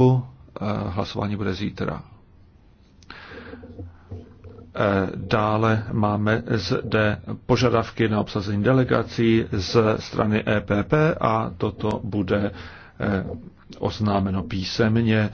Eh, hlasování bude zítra. Eh, dále máme zde požadavky na obsazení delegací z strany EPP a toto bude eh, oznámeno písemně.